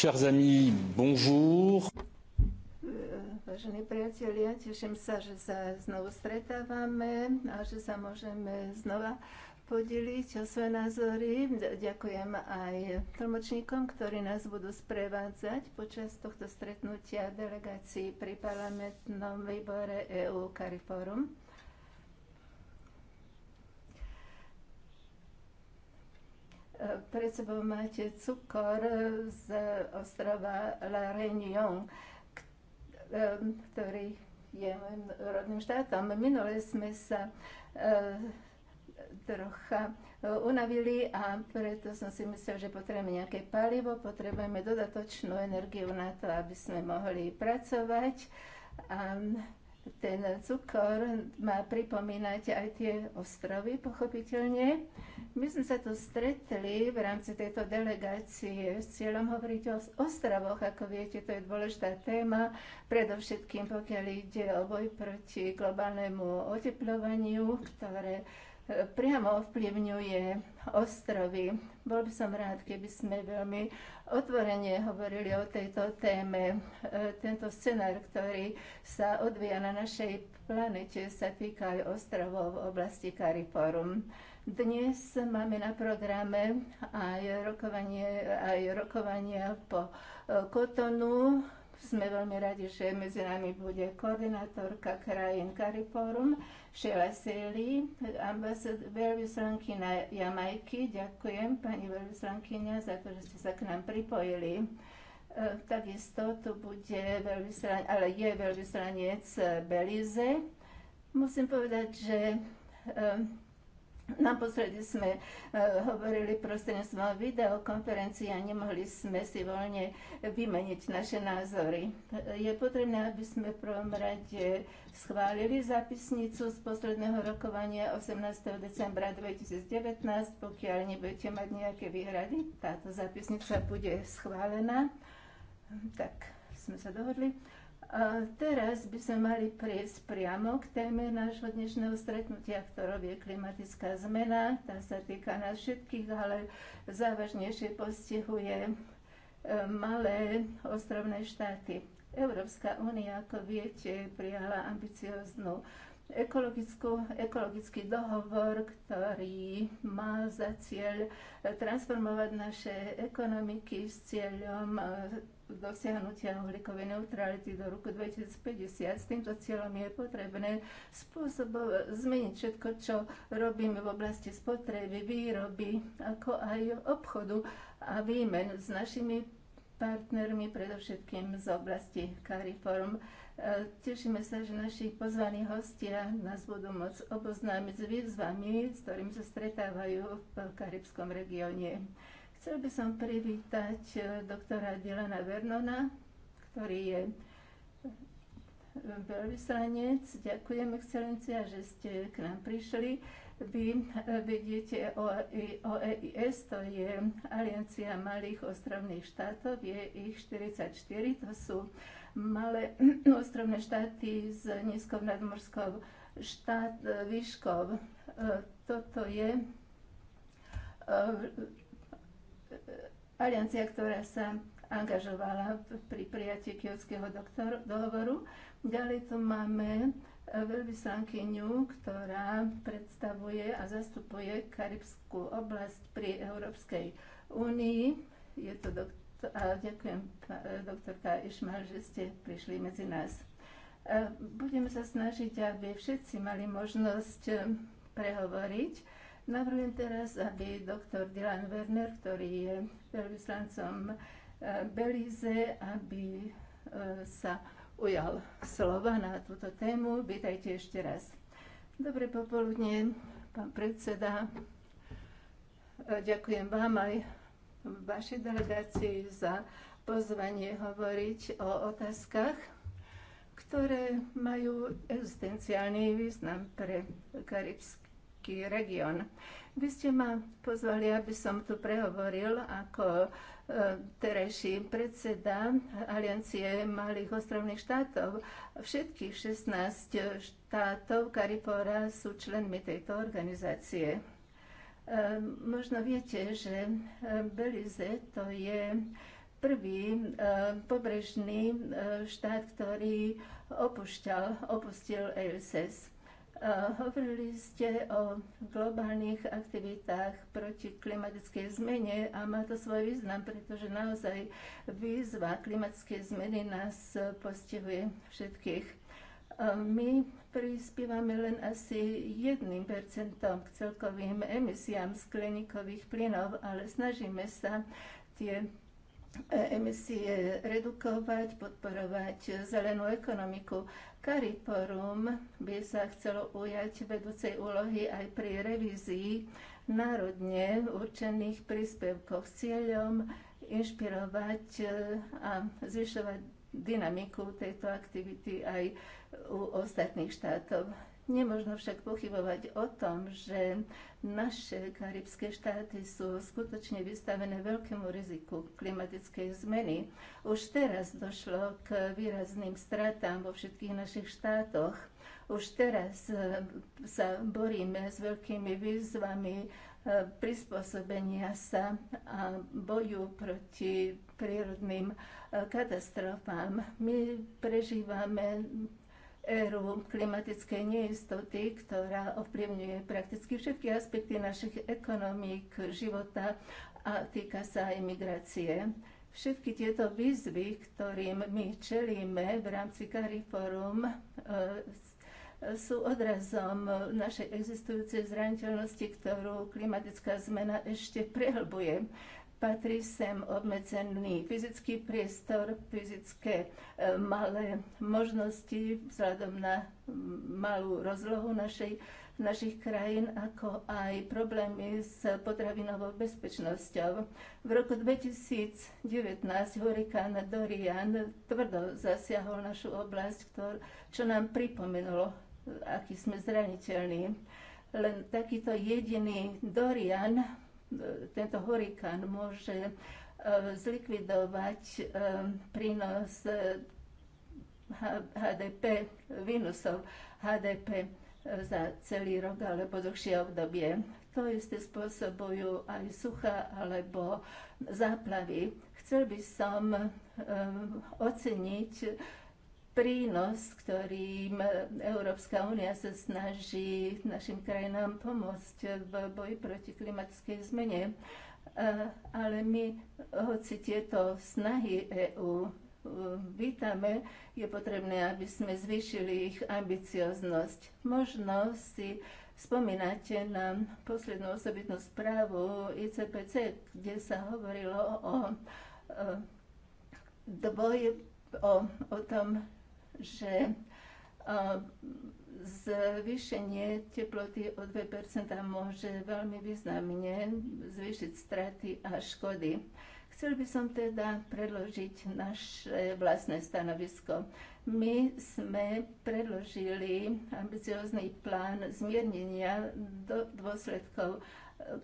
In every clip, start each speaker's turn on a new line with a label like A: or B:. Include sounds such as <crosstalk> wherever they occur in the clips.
A: Chers amis,
B: bonjour. Vážení priatelia, teším sa, že sa znovu stretávame a že sa môžeme znova podeliť o svoje názory. Ďakujem aj tlmočníkom, ktorí nás budú sprevádzať počas tohto stretnutia delegácií pri parlamentnom výbore EU Cariforum. E, pred sebou máte cukor z ostrova La Réunion, e, ktorý je môjim rodným štátom. Minule sme sa e, trocha unavili a preto som si myslel, že potrebujeme nejaké palivo, potrebujeme dodatočnú energiu na to, aby sme mohli pracovať. A ten cukor má pripomínať aj tie ostrovy, pochopiteľne. My sme sa tu stretli v rámci tejto delegácie s cieľom hovoriť o ostrovoch. Ako viete, to je dôležitá téma, predovšetkým pokiaľ ide o boj proti globálnemu oteplovaniu, ktoré priamo ovplyvňuje ostrovy. Bol by som rád, keby sme veľmi otvorene hovorili o tejto téme. E, tento scenár, ktorý sa odvíja na našej planete, sa týka aj ostrovov v oblasti Cariforum. Dnes máme na programe aj, rokovanie, aj rokovanie po e, Kotonu. Sme veľmi radi, že medzi nami bude koordinátorka krajín Cariforum Šela ambasad, veľvyslankyňa Jamajky. Ďakujem, pani veľvyslankyňa, za to, že ste sa k nám pripojili. E, takisto tu bude veľvyslanec, ale je veľvyslanec Belize. Musím povedať, že e, Naposledy sme e, hovorili prostredníctvom videokonferencií a nemohli sme si voľne vymeniť naše názory. Je potrebné, aby sme v prvom rade schválili zapisnicu z posledného rokovania 18. decembra 2019. Pokiaľ nebudete mať nejaké výhrady, táto zapisnica bude schválená. Tak sme sa dohodli. A teraz by sme mali prejsť priamo k téme nášho dnešného stretnutia, ktorou je klimatická zmena. Tá sa týka nás všetkých, ale závažnejšie postihuje e, malé ostrovné štáty. Európska únia, ako viete, prijala ambicioznú ekologický dohovor, ktorý má za cieľ transformovať naše ekonomiky s cieľom e, dosiahnutia uhlíkovej neutrality do roku 2050. S týmto cieľom je potrebné spôsobov zmeniť všetko, čo robíme v oblasti spotreby, výroby, ako aj obchodu a výmen s našimi partnermi, predovšetkým z oblasti Cariforum. E, tešíme sa, že naši pozvaní hostia nás budú môcť oboznámiť s výzvami, s ktorými sa stretávajú v karibskom regióne. Chcel by som privítať e, doktora Dilana Vernona, ktorý je e, veľvyslanec. Ďakujem, excelencia, že ste k nám prišli. Vy e, vediete OEIS, to je Aliancia malých ostrovných štátov, je ich 44, to sú malé <clears throat> ostrovné štáty s nízkou nadmorskou štát výškou. Toto je aliancia, ktorá sa angažovala pri prijatí kiotského dohovoru. Ďalej tu máme e, veľvyslankyňu, ktorá predstavuje a zastupuje Karibskú oblasť pri Európskej únii. Je to doktor, a ďakujem, e, doktorka Išmal, že ste prišli medzi nás. E, budeme sa snažiť, aby všetci mali možnosť prehovoriť Navrhujem teraz, aby doktor Dylan Werner, ktorý je veľvyslancom eh, Belize, aby eh, sa ujal slova na túto tému. Vítajte ešte raz. Dobré popoludne, pán predseda. Eh, ďakujem vám aj vašej delegácii za pozvanie hovoriť o otázkach, ktoré majú existenciálny význam pre karibské Dunajský region. Vy ste ma pozvali, aby som tu prehovoril ako e, terajší predseda Aliancie malých ostrovných štátov. Všetkých 16 štátov Karipora sú členmi tejto organizácie. E, možno viete, že e, Belize to je prvý pobrežný štát, ktorý opustil ELSS. Eh, hovorili ste o globálnych aktivitách proti klimatickej zmene a má to svoj význam, pretože naozaj výzva klimatickej zmeny nás postihuje všetkých. Eh, my prispievame len asi 1% k celkovým emisiám skleníkových plynov, ale snažíme sa tie emisie redukovať, podporovať zelenú ekonomiku. Cariforum by sa chcelo ujať vedúcej úlohy aj pri revízii národne určených príspevkov s cieľom inšpirovať e, a zvyšovať dynamiku tejto aktivity aj u ostatných štátov. Nemožno však pochybovať o tom, že naše karibské štáty sú skutočne vystavené veľkému riziku klimatickej zmeny. Už teraz došlo k výrazným stratám vo všetkých našich štátoch. Už teraz e, sa boríme s veľkými výzvami e, prispôsobenia sa a boju proti prírodným e, katastrofám. My prežívame éru klimatickej neistoty, ktorá ovplyvňuje prakticky všetky aspekty našich ekonomík, života a týka sa aj migrácie. Všetky tieto výzvy, ktorým my čelíme v rámci CARIFORUM, e, sú odrazom našej existujúcej zraniteľnosti, ktorú klimatická zmena ešte prehlbuje. Patrí sem obmedzený fyzický priestor, fyzické e, malé možnosti vzhľadom na malú rozlohu našej, našich krajín, ako aj problémy s potravinovou bezpečnosťou. V roku 2019 hurikán Dorian tvrdo zasiahol našu oblasť, čo nám pripomenulo, aký sme zraniteľní. Len takýto jediný Dorian tento hurikán môže e, zlikvidovať e, prínos e, HDP, výnosov HDP za celý rok alebo dlhšie obdobie. To isté spôsobujú aj sucha alebo záplavy. Chcel by som oceniť prínos, ktorým Európska únia sa snaží našim krajinám pomôcť v boji proti klimatickej zmene. Ale my, hoci tieto snahy EÚ um, vítame, je potrebné, aby sme zvýšili ich ambicioznosť. Možno si spomínate na poslednú osobitnú správu ICPC, kde sa hovorilo o, o, dvoj, o, o tom, že e, zvýšenie teploty o 2 môže veľmi významne zvýšiť straty a škody. Chcel by som teda predložiť naše vlastné stanovisko. My sme predložili ambiciózny plán zmiernenia do dôsledkov e,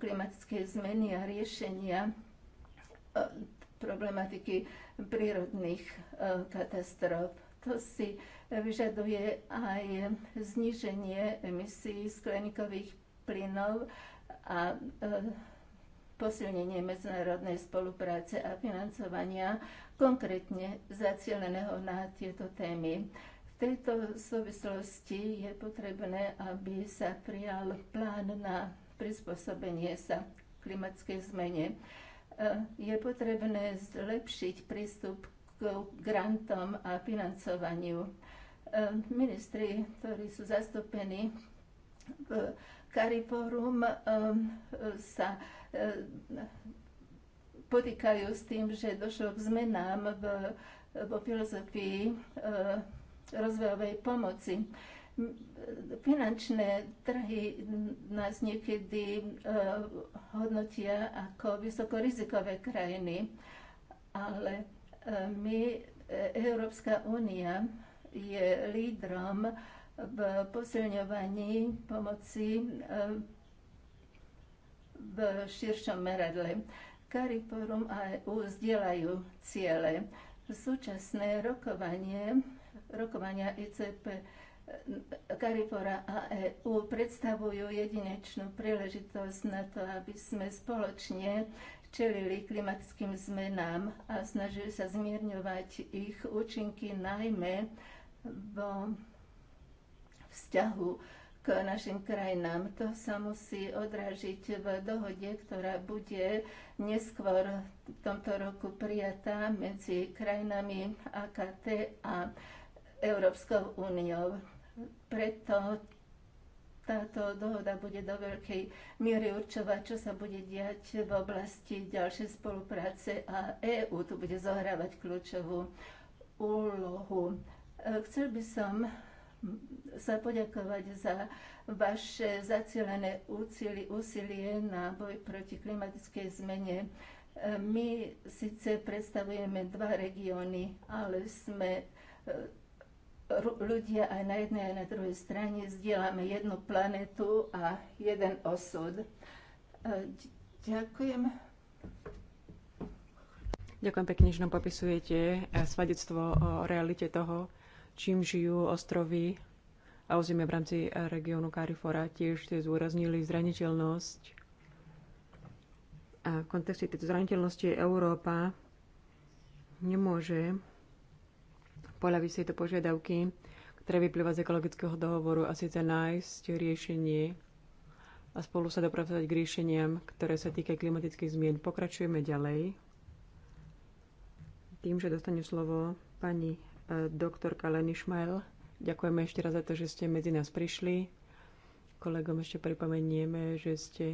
B: klimatickej zmeny a riešenia e, problematiky prírodných katastrof. To si vyžaduje aj zníženie emisí skleníkových plynov a e, posilnenie medzinárodnej spolupráce a financovania konkrétne zacieleného na tieto témy. V tejto súvislosti je potrebné, aby sa prijal plán na prispôsobenie sa klimatskej zmene. E, je potrebné zlepšiť prístup grantom a financovaniu. E, ministri, ktorí sú zastúpení v Cariforum, e, sa e, potýkajú s tým, že došlo k zmenám v, vo filozofii rozvojovej pomoci finančné trhy nás niekedy hodnotia ako vysokorizikové krajiny, ale my, Európska únia je lídrom v posilňovaní pomoci e, v širšom meradle. Cariforum a EU zdieľajú ciele. Súčasné rokovanie, rokovania ICP e, Karifora a EU predstavujú jedinečnú príležitosť na to, aby sme spoločne čelili klimatickým zmenám a snažili sa zmierňovať ich účinky najmä vo vzťahu k našim krajinám. To sa musí odražiť v dohode, ktorá bude neskôr v tomto roku prijatá medzi krajinami AKT a Európskou úniou. Preto táto dohoda bude do veľkej miery určovať, čo sa bude diať v oblasti ďalšej spolupráce a EÚ tu bude zohrávať kľúčovú úlohu. E, chcel by som sa poďakovať za vaše zacielené úsilie, úsilie na boj proti klimatickej zmene. E, my síce predstavujeme dva regióny, ale sme e, ľudia aj na jednej, aj na druhej strane zdieľame jednu planetu a jeden osud. E, ďakujem.
A: Ďakujem pekne, že nám popisujete e, svadectvo o realite toho, čím žijú ostrovy a územie v rámci e, regiónu Karifora. Tiež ste zúraznili zraniteľnosť. A v kontexte tejto zraniteľnosti Európa nemôže poľaví si to požiadavky, ktoré vyplýva z ekologického dohovoru a síce nájsť riešenie a spolu sa dopracovať k riešeniam, ktoré sa týkajú klimatických zmien. Pokračujeme ďalej. Tým, že dostane slovo pani e, doktorka Leny Šmajl. Ďakujeme ešte raz za to, že ste medzi nás prišli. Kolegom ešte pripomenieme, že ste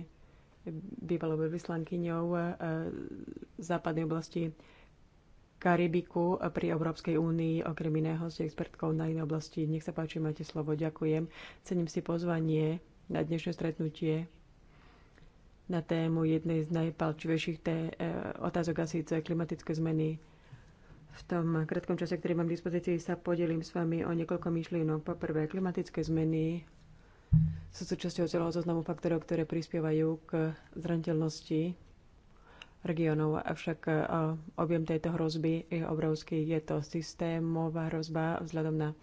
A: bývalou vyslankyňou e, západnej oblasti Karibiku pri Európskej únii, okrem iného ste expertkou na iné oblasti. Nech sa páči, máte slovo. Ďakujem. Cením si pozvanie na dnešné stretnutie na tému jednej z najpalčivejších té, e, otázok a síce klimatické zmeny. V tom krátkom čase, ktorý mám k dispozícii, sa podelím s vami o niekoľko myšlienok. Po prvé, klimatické zmeny sú súčasťou celého zoznamu faktorov, ktoré prispievajú k zraniteľnosti regiónov. Avšak e, objem tejto hrozby je obrovský. Je to systémová hrozba vzhľadom na e,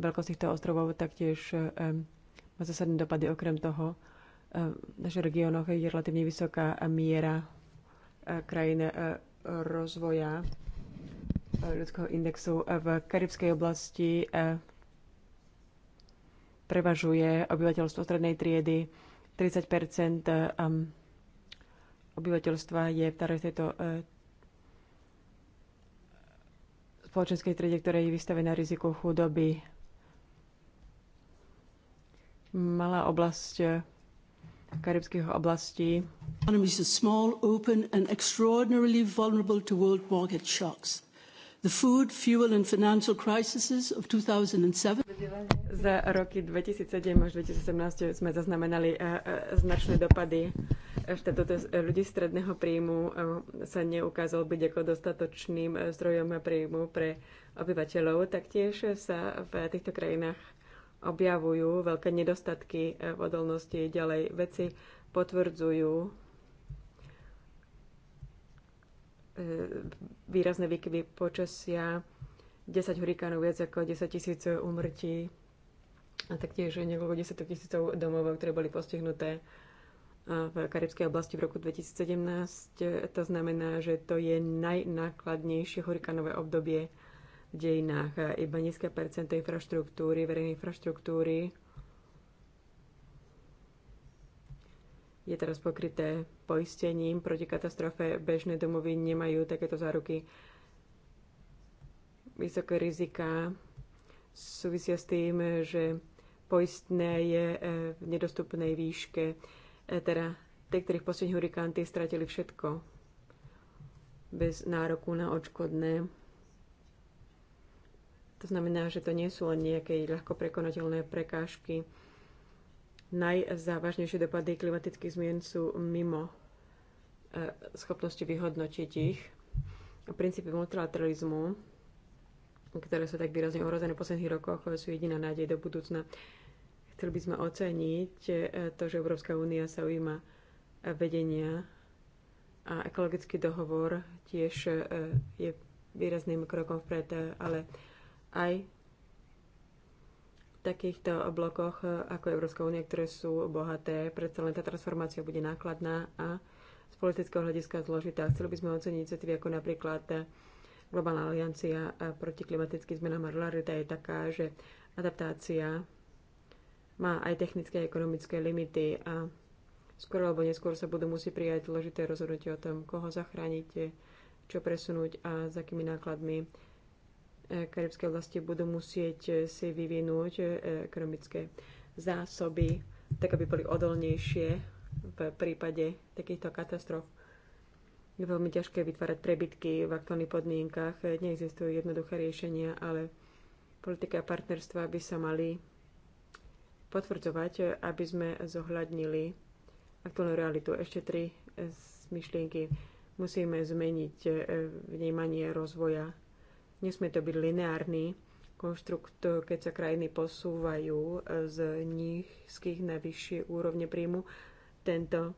A: veľkosť týchto ostrovov, taktiež e, má zásadné dopady. Okrem toho, v našich regiónoch je relatívne vysoká miera krajín rozvoja ľudského indexu. V karibskej oblasti prevažuje obyvateľstvo strednej triedy 30 obyvateľstva je v tejto e, spoločenskej triede, ktorá je vystavená riziku chudoby. Malá oblasť e, karibských oblastí. Economies are small, open and extraordinarily vulnerable to world market shocks. The food, fuel
B: and financial crises of 2007
A: za roky 2007 až 2017 sme zaznamenali e, e, značné dopady. Štátu ľudí stredného príjmu e, sa neukázal byť ako dostatočným zdrojom príjmu pre obyvateľov. Taktiež sa v týchto krajinách objavujú veľké nedostatky v odolnosti. Ďalej veci potvrdzujú výrazné výkyvy počasia, 10 hurikánov, viac ako 10 tisíc umrtí a taktiež niekoľko desiatok tisícov domov, ktoré boli postihnuté e, v Karibskej oblasti v roku 2017. To znamená, že to je najnákladnejšie hurikánové obdobie v dejinách. E, iba nízke percento infraštruktúry, verejnej infraštruktúry je teraz pokryté poistením proti katastrofe. Bežné domovy nemajú takéto záruky. Vysoké rizika súvisia s tým, že poistné je e, v nedostupnej výške. E, teda tie, ktorých poslední hurikán, tie stratili všetko bez nároku na odškodné. To znamená, že to nie sú len nejaké ľahko prekonateľné prekážky. Najzávažnejšie dopady klimatických zmien sú mimo e, schopnosti vyhodnotiť ich. A princípy multilateralizmu, ktoré sú tak výrazne ohrozené v posledných rokoch, sú jediná nádej do budúcna. Chceli by sme oceniť e, to, že Európska únia sa ujíma e, vedenia a ekologický dohovor tiež e, je výrazným krokom vpred, ale aj v takýchto blokoch ako Európska únia, ktoré sú bohaté, predsa len tá transformácia bude nákladná a z politického hľadiska zložitá. Chceli by sme oceniť iniciatívy ako napríklad Globálna aliancia proti klimatickým zmenám a je taká, že adaptácia má aj technické a ekonomické limity a skôr alebo neskôr sa budú musieť prijať dôležité rozhodnutie o tom, koho zachrániť, čo presunúť a s akými nákladmi e, karibské vlasti budú musieť e, si vyvinúť e, ekonomické zásoby, tak aby boli odolnejšie v prípade takýchto katastrof. Je veľmi ťažké vytvárať prebytky v aktuálnych podmienkach, neexistujú jednoduché riešenia, ale politika partnerstva by sa mali potvrdzovať, aby sme zohľadnili aktuálnu realitu. Ešte tri eh, myšlienky. Musíme zmeniť eh, vnímanie rozvoja. Nesmie to byť lineárny konštrukt, keď sa krajiny posúvajú eh, z nízkych na vyššie úrovne príjmu. Tento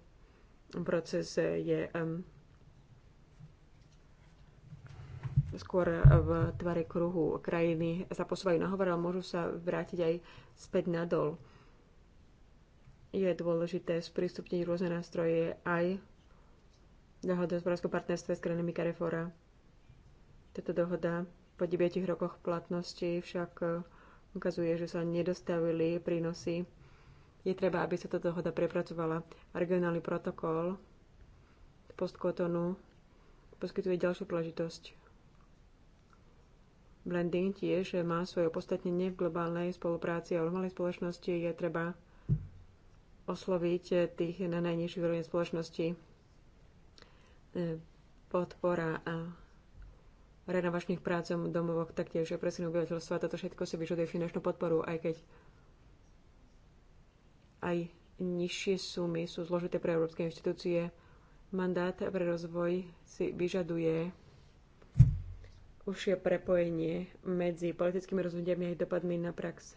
A: proces je skôr v tvare kruhu krajiny sa posúvajú nahovor, ale môžu sa vrátiť aj späť nadol. Je dôležité sprístupniť rôzne nástroje aj dohody o hospodárskom partnerstve s krajinami Carefora. Táto dohoda po 9 rokoch platnosti však ukazuje, že sa nedostavili prínosy. Je treba, aby sa táto dohoda prepracovala. Regionálny protokol postkotonu poskytuje ďalšiu príležitosť Blending tiež má svoje opodstatnenie v globálnej spolupráci a v normálnej spoločnosti je treba osloviť tých na najnižších úrovni spoločnosti. Podpora a renovačných prác domovok, taktiež presne obyvateľstva. Toto všetko si vyžaduje finančnú podporu, aj keď aj nižšie sumy sú zložité pre európske inštitúcie. Mandát pre rozvoj si vyžaduje užšie prepojenie medzi politickými rozhodnutiami a dopadmi na prax.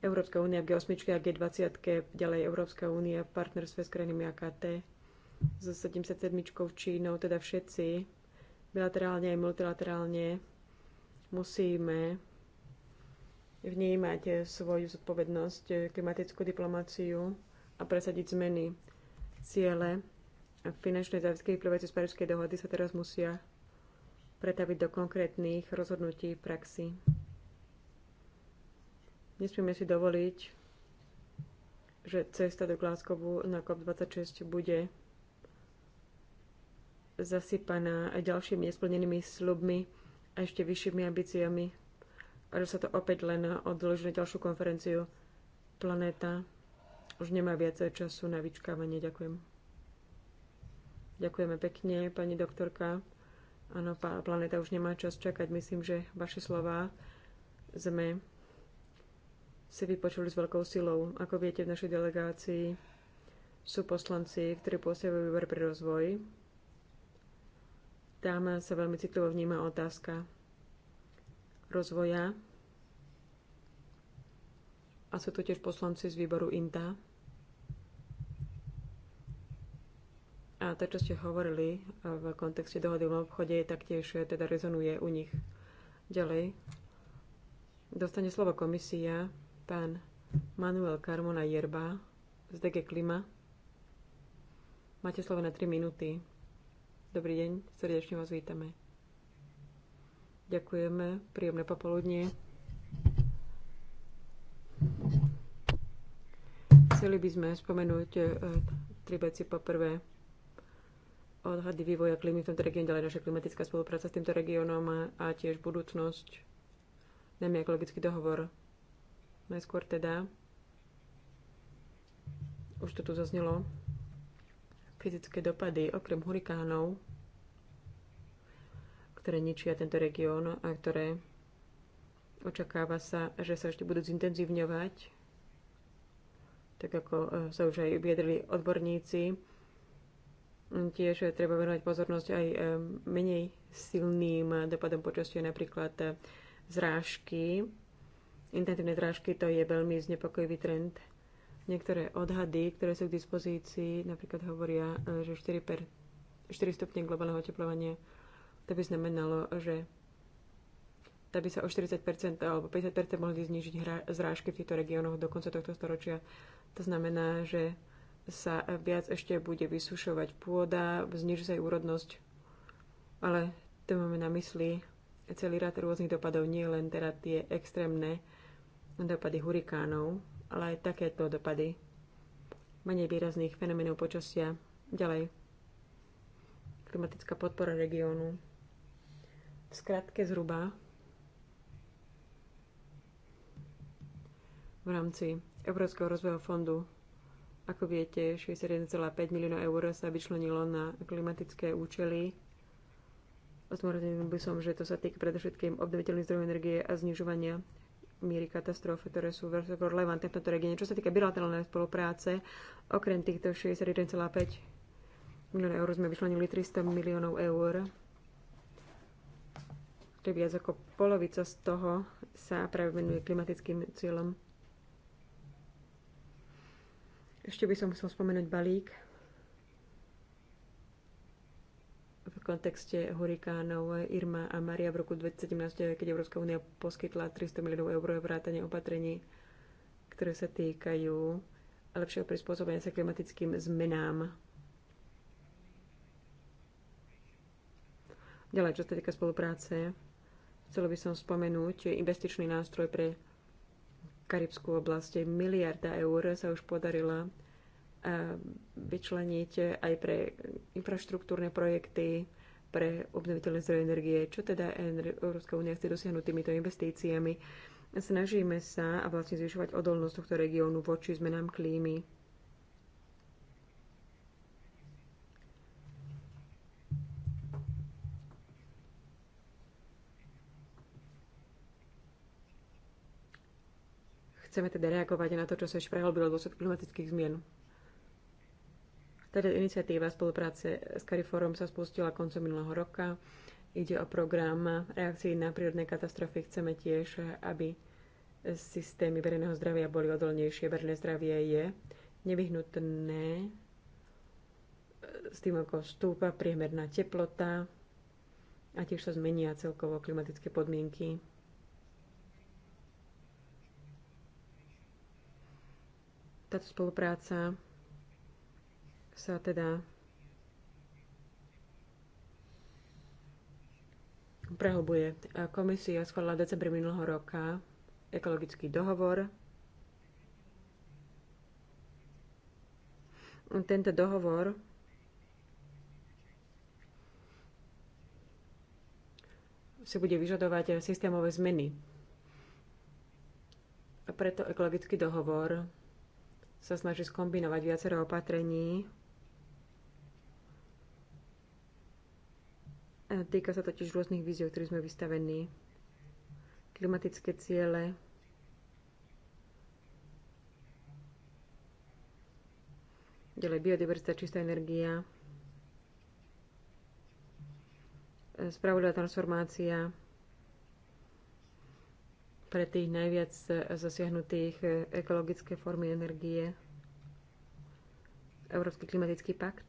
A: Európska únia v G8 a G20, ďalej Európska únia v partnerstve s krajinami AKT, so 77 Čínou, teda všetci bilaterálne aj multilaterálne musíme vnímať svoju zodpovednosť, klimatickú diplomáciu a presadiť zmeny. Ciele finančnej záväzky vyplývajúce z Parížskej dohody sa teraz musia pretaviť do konkrétnych rozhodnutí v praxi. Nesmieme si dovoliť, že cesta do Glasgowu na COP26 bude zasypaná ďalšími nesplnenými slubmi a ešte vyššími ambíciami a že sa to opäť len odloží na ďalšiu konferenciu. Planéta už nemá viacej času na vyčkávanie. Ďakujem. Ďakujeme pekne, pani doktorka. Áno, planéta už nemá čas čakať. Myslím, že vaše slova sme si vypočuli s veľkou silou. Ako viete, v našej delegácii sú poslanci, ktorí pôsobia výbor pre rozvoj. Tam sa veľmi citlivo vníma otázka rozvoja. A sú to tiež poslanci z výboru INTA. A to, čo ste hovorili e, v kontexte dohody o obchode, taktiež e, teda rezonuje u nich. Ďalej dostane slovo komisia pán Manuel Carmona Jerba z DG Klima. Máte slovo na 3 minúty. Dobrý deň, srdečne vás vítame. Ďakujeme, príjemné popoludnie. Chceli by sme spomenúť e, tri veci. Po prvé, odhady vývoja klímy v tomto regióne, ďalej naša klimatická spolupráca s týmto regiónom a tiež budúcnosť, najmä ekologický dohovor. Najskôr teda, už to tu zaznelo, fyzické dopady okrem hurikánov, ktoré ničia tento región a ktoré očakáva sa, že sa ešte budú zintenzívňovať, tak ako e, sa už aj vyjadrili odborníci, Tiež treba venovať pozornosť aj eh, menej silným dopadom počasia, napríklad eh, zrážky. Intenzívne zrážky to je veľmi znepokojivý trend. Niektoré odhady, ktoré sú k dispozícii, napríklad hovoria, eh, že 4, per, 4 stupne globálneho oteplovania, to by znamenalo, že aby sa o 40% alebo 50% mohli znižiť zrážky v týchto regiónoch do konca tohto storočia. To znamená, že sa viac ešte bude vysušovať pôda, zniží sa jej úrodnosť. Ale to máme na mysli celý rad rôznych dopadov, nie len teda tie extrémne dopady hurikánov, ale aj takéto dopady menej výrazných fenomenov počasia. Ďalej. Klimatická podpora regiónu. V skratke zhruba v rámci Európskeho rozvojového fondu ako viete, 61,5 miliónov eur sa vyčlenilo na klimatické účely. Zmorozenil by som, že to sa týka predovšetkým obnoviteľných zdrojov energie a znižovania míry katastrof, ktoré sú veľmi relevantné v tomto regióne. Čo sa týka bilaterálnej spolupráce, okrem týchto 61,5 miliónov eur sme vyčlenili 300 miliónov eur. viac ako polovica z toho sa práve venuje klimatickým cieľom ešte by som musel spomenúť balík v kontexte hurikánov Irma a Maria v roku 2017, keď Európska únia poskytla 300 miliónov eur vrátane opatrení, ktoré sa týkajú lepšieho prispôsobenia sa klimatickým zmenám. Ďalej, čo sa týka spolupráce, chcela by som spomenúť investičný nástroj pre Karibskú oblasť. Miliarda eur sa už podarila eh, vyčleniť aj pre infraštruktúrne projekty, pre obnoviteľné zdroje energie. Čo teda Európska únia chce dosiahnuť týmito investíciami? Snažíme sa a vlastne zvyšovať odolnosť tohto regiónu voči zmenám klímy. Chceme teda reagovať na to, čo sa ešte prehlbilo v dôsledku klimatických zmien. Teda iniciatíva spolupráce s Cariforum sa spustila koncom minulého roka. Ide o program reakcií na prírodné katastrofy. Chceme tiež, aby systémy verejného zdravia boli odolnejšie. Verejné zdravie je nevyhnutné s tým, ako stúpa priemerná teplota a tiež sa zmenia celkovo klimatické podmienky. táto spolupráca sa teda prehlbuje. Komisia schválila v decembri minulého roka ekologický dohovor. Tento dohovor si bude vyžadovať systémové zmeny. A preto ekologický dohovor sa snaží skombinovať viacero opatrení. Týka sa totiž rôznych víziev, ktorých sme vystavení. Klimatické ciele, ďalej biodiverzita, čistá energia, spravodlivá transformácia, pre tých najviac zasiahnutých ekologické formy energie. Európsky klimatický pakt.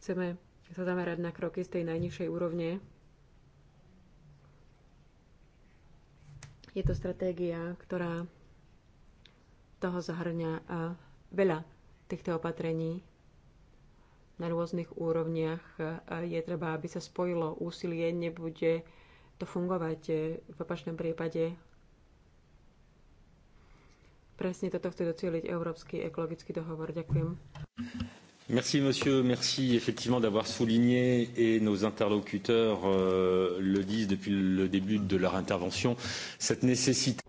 A: Chceme sa zamerať na kroky z tej najnižšej úrovne. Je to stratégia, ktorá toho zahrňa veľa týchto opatrení na rôznych úrovniach. Je treba, aby sa spojilo úsilie, nebude to fungovať e, v opačnom prípade. Presne toto chce docieliť Európsky ekologický dohovor. Ďakujem. Merci monsieur, merci effectivement d'avoir souligné et nos interlocuteurs euh, le disent depuis le début de leur intervention cette nécessité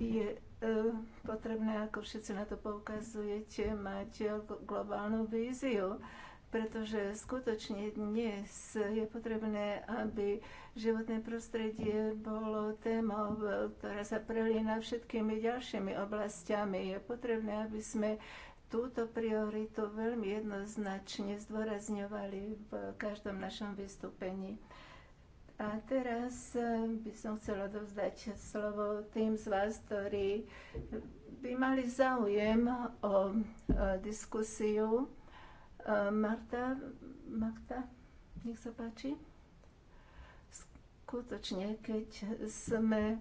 B: je euh, potrebné, ako všetci na to poukazujete, mať globálnu víziu. Euh, pretože skutočne dnes je potrebné, aby životné prostredie bolo témou, ktorá sa prelína všetkými ďalšími oblastiami. Je potrebné, aby sme túto prioritu veľmi jednoznačne zdôrazňovali v každom našom vystúpení. A teraz eh, by som chcela dozdať slovo tým z vás, ktorí by mali záujem o diskusiu E, Marta, Marta, nech sa páči. Skutočne, keď sme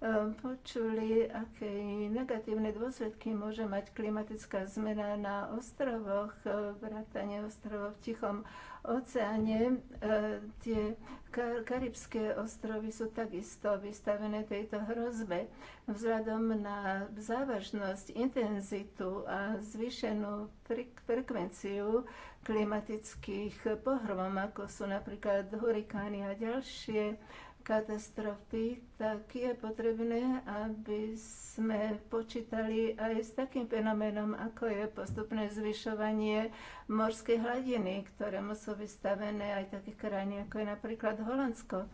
B: Ehm, počuli, aké negatívne dôsledky môže mať klimatická zmena na ostrovoch, ehm, vrátanie ostrovov v Tichom oceáne. Ehm, tie karibské ostrovy sú takisto vystavené tejto hrozbe. Vzhľadom na závažnosť, intenzitu a zvýšenú frekvenciu klimatických pohrom, ako sú napríklad hurikány a ďalšie, katastrofy, tak je potrebné, aby sme počítali aj s takým fenoménom, ako je postupné zvyšovanie morskej hladiny, ktorému sú vystavené aj také krajiny, ako je napríklad Holandsko.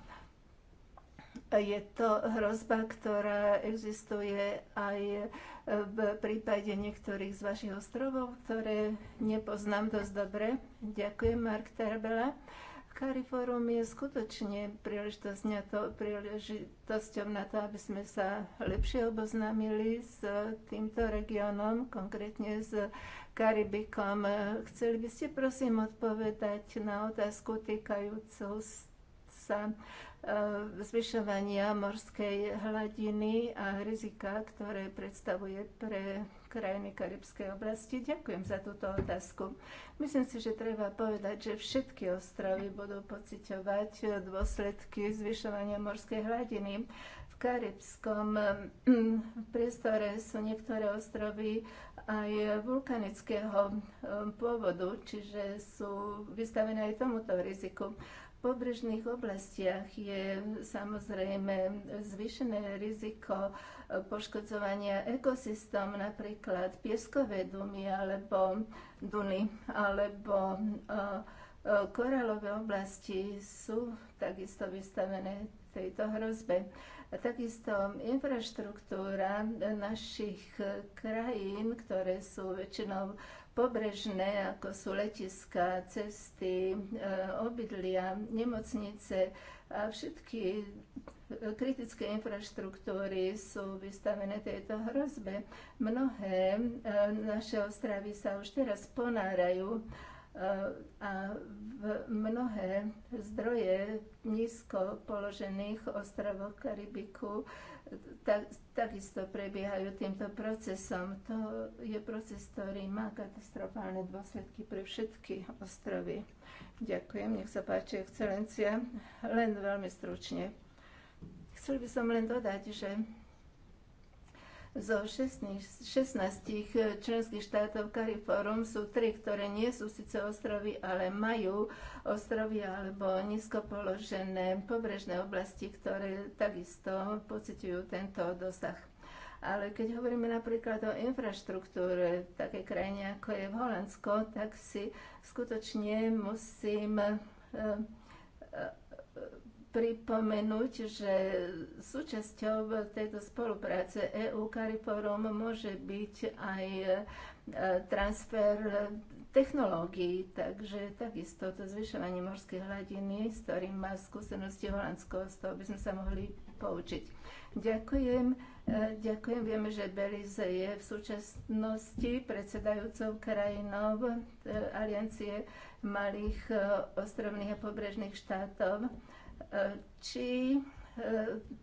B: Je to hrozba, ktorá existuje aj v prípade niektorých z vašich ostrovov, ktoré nepoznám dosť dobre. Ďakujem, Mark Terbela. Kariforum je skutočne na to, príležitosťou na to, aby sme sa lepšie oboznámili s týmto regiónom, konkrétne s Karibikom. Chceli by ste prosím odpovedať na otázku týkajúcu sa E, zvyšovania morskej hladiny a rizika, ktoré predstavuje pre krajiny Karibskej oblasti. Ďakujem za túto otázku. Myslím si, že treba povedať, že všetky ostrovy budú pociťovať dôsledky zvyšovania morskej hladiny. V karibskom e, <clears throat> priestore sú niektoré ostrovy aj vulkanického e, pôvodu, čiže sú vystavené aj tomuto riziku pobrežných oblastiach je samozrejme zvýšené riziko poškodzovania ekosystém, napríklad pieskové duny alebo duny alebo e, e, koralové oblasti sú takisto vystavené tejto hrozbe. A takisto infraštruktúra našich krajín, ktoré sú väčšinou pobrežné, ako sú letiska, cesty, e, obydlia, nemocnice a všetky kritické infraštruktúry sú vystavené tejto hrozbe. Mnohé e, naše ostravy sa už teraz ponárajú Eh, a mnohé zdroje nízko položených ostrovov Karibiku tak, takisto prebiehajú týmto procesom. To je proces, ktorý má katastrofálne dôsledky pre všetky ostrovy. Ďakujem, nech sa páči, excelencia. Len veľmi stručne. Chcel by som len dodať, že zo 16, eh, členských štátov Cariforum sú tri, ktoré nie sú síce ostrovy, ale majú ostrovy alebo nízko položené pobrežné oblasti, ktoré takisto pociťujú tento dosah. Ale keď hovoríme napríklad o infraštruktúre v takej krajine, ako je v Holandsko, tak si skutočne musím eh, pripomenúť, že súčasťou tejto spolupráce EU-Cariforum môže byť aj e, transfer technológií, takže takisto to zvyšovanie morskej hladiny, s ktorým má skúsenosti Holandsko, z toho by sme sa mohli poučiť. Ďakujem. E, ďakujem. Vieme, že Belize je v súčasnosti predsedajúcou krajinou e, Aliancie malých ostrovných a pobrežných štátov či e,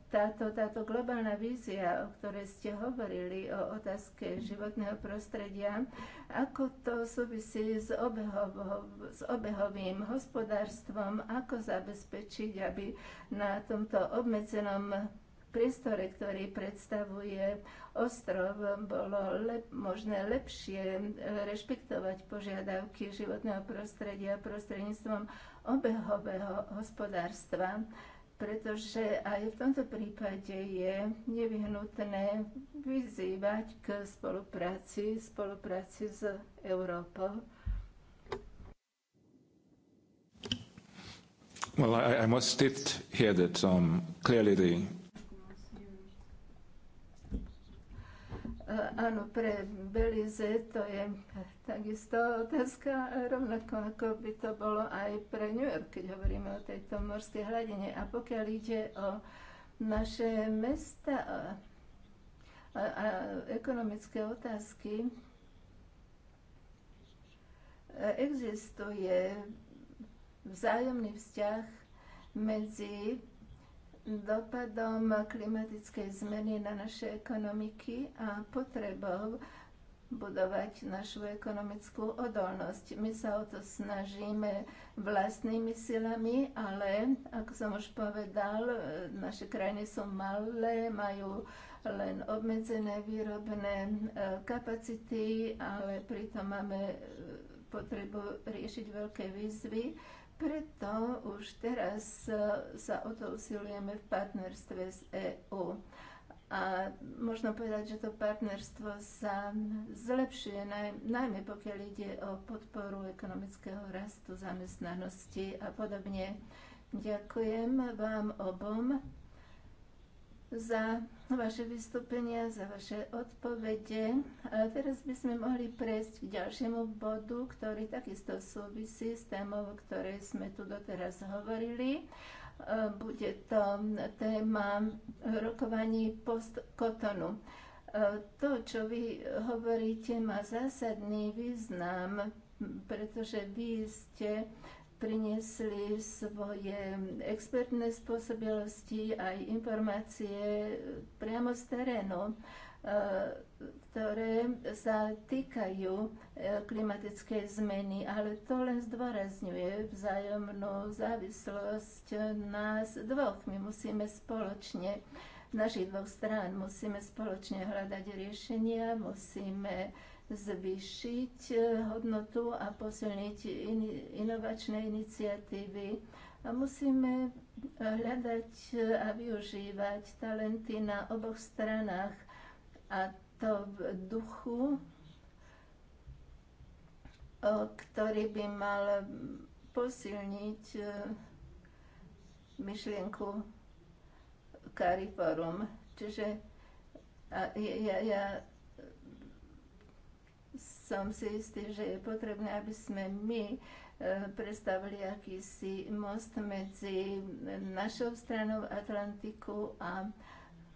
B: táto, táto globálna vízia, o ktorej ste hovorili, o otázke životného prostredia, ako to súvisí s, obehovo, s obehovým hospodárstvom, ako zabezpečiť, aby na tomto obmedzenom priestore, ktorý predstavuje ostrov, bolo lep, možné lepšie rešpektovať požiadavky životného prostredia prostredníctvom obehového hospodárstva, pretože aj v tomto prípade je nevyhnutné vyzývať k spolupráci, spolupráci s Európou. Well, I, I must state here that um, clearly the Áno, pre Belize to je takisto otázka, rovnako ako by to bolo aj pre New York, keď hovoríme o tejto morskej hladine. A pokiaľ ide o naše mesta a, a, a ekonomické otázky, existuje vzájomný vzťah medzi dopadom klimatickej zmeny na naše ekonomiky a potrebou budovať našu ekonomickú odolnosť. My sa o to snažíme vlastnými silami, ale ako som už povedal, naše krajiny sú malé, majú len obmedzené výrobné e, kapacity, ale pritom máme potrebu riešiť veľké výzvy preto už teraz e, sa o to usilujeme v partnerstve s EÚ. A možno povedať, že to partnerstvo sa zlepšuje, najmä pokiaľ ide o podporu ekonomického rastu, zamestnanosti a podobne. Ďakujem vám obom za vaše vystúpenia, za vaše odpovede. A teraz by sme mohli prejsť k ďalšiemu bodu, ktorý takisto súvisí s témou, o ktorej sme tu doteraz hovorili. Bude to téma rokovaní postkotonu. To, čo vy hovoríte, má zásadný význam, pretože vy ste priniesli svoje expertné spôsobilosti aj informácie priamo z terénu, e, ktoré sa týkajú e, klimatickej zmeny, ale to len zdôrazňuje vzájomnú závislosť nás dvoch. My musíme spoločne našich dvoch strán musíme spoločne hľadať riešenia, musíme zvýšiť e, hodnotu a posilniť inovačné iniciatívy. A musíme e, hľadať e, a využívať talenty na oboch stranách a to v duchu, ktorý by mal posilniť myšlienku Cariforum. Čiže ja, ja som si istý, že je potrebné, aby sme my e, predstavili akýsi most medzi našou stranou Atlantiku a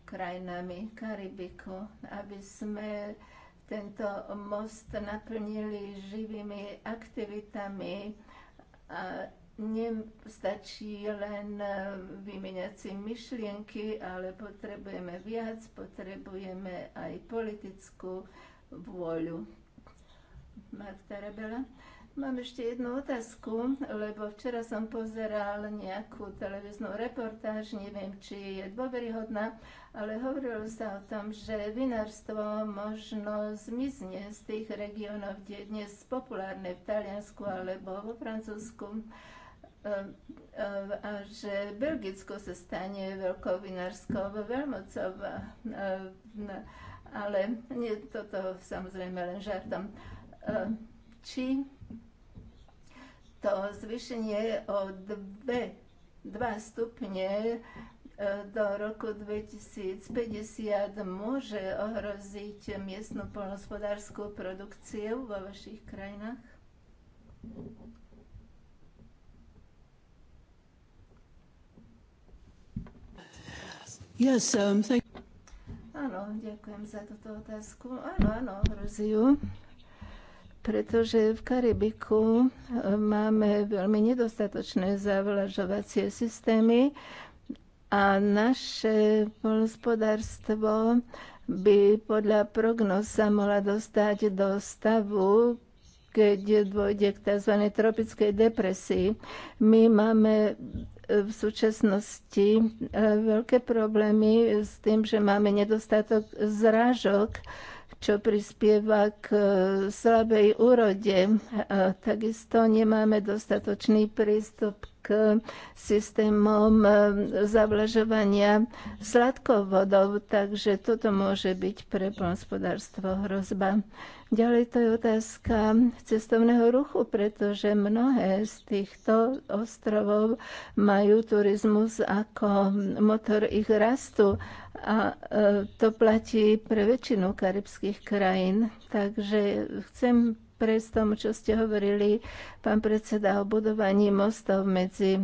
B: krajinami Karibiku, aby sme tento most naplnili živými aktivitami a nestačí len e, vymeniať si myšlienky, ale potrebujeme viac, potrebujeme aj politickú vôľu. Marta Tarabela. Mám ešte jednu otázku, lebo včera som pozeral nejakú televíznu reportáž, neviem, či je dôveryhodná, ale hovorilo sa o tom, že vinárstvo možno zmizne z tých regiónov, kde je dnes populárne v Taliansku alebo vo Francúzsku ehm, ehm, a že Belgicko sa stane veľkou vinárskou veľmocou, ehm, ale nie toto samozrejme len žartom či to zvýšenie o 2, dva stupne e, do roku 2050 môže ohroziť miestnu polnospodárskú produkciu vo vašich krajinách? Yes, um, thank... Áno, ďakujem za túto otázku. Áno, áno, ju pretože v Karibiku e, máme veľmi nedostatočné zavlažovacie systémy a naše hospodárstvo by podľa prognoz sa mohla dostať do stavu, keď dôjde k tzv. tropickej depresii. My máme e, v súčasnosti e, veľké problémy s tým, že máme nedostatok zrážok čo prispieva k e, slabej úrode. A takisto nemáme dostatočný prístup k systémom e, zavlažovania sladkovodov, takže toto môže byť pre polnospodárstvo hrozba. Ďalej to je otázka cestovného ruchu, pretože mnohé z týchto ostrovov majú turizmus ako motor ich rastu a e, to platí pre väčšinu karibských krajín. Takže chcem pres tom, čo ste hovorili, pán predseda, o budovaní mostov medzi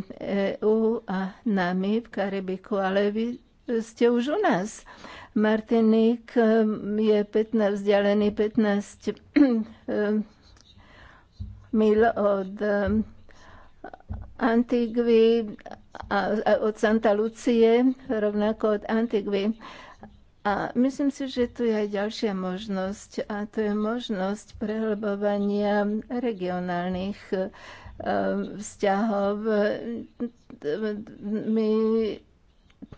B: EU a nami v Karibiku, ale vy ste už u nás. Martinik um, je 15, vzdialený 15 um, mil od um, Antigvy, a od Santa Lucie, rovnako od Antigvy. A myslím si, že tu je aj ďalšia možnosť a to je možnosť prehlbovania regionálnych e, vzťahov. My